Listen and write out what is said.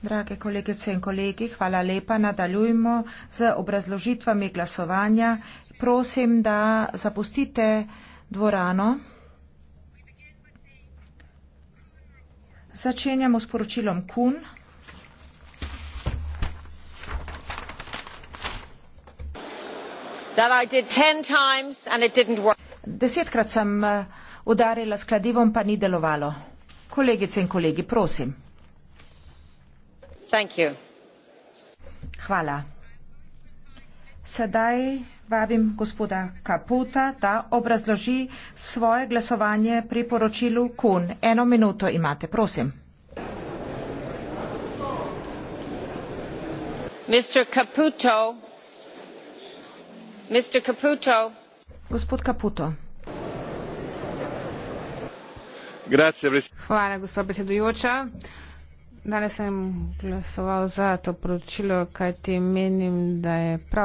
Drage kolegice in kolegi, hvala lepa. Nadaljujmo z obrazložitvami glasovanja. Prosim, da zapustite dvorano. Začenjamo s poročilom KUN. Desetkrat sem eh, udarila s kladivom, pa ni delovalo kolegice in kolegi, prosim. Hvala. Sedaj vabim gospoda Caputa, da obrazloži svoje glasovanje pri poročilu Kun. Eno minuto imate, prosim. Gospod Caputo danes sem glasoval za to poročilo kajti menim da je prav da se vsak politik ozre v svojo skrinjico in da je prav da se vsak politik ozre v svojo skrinjico.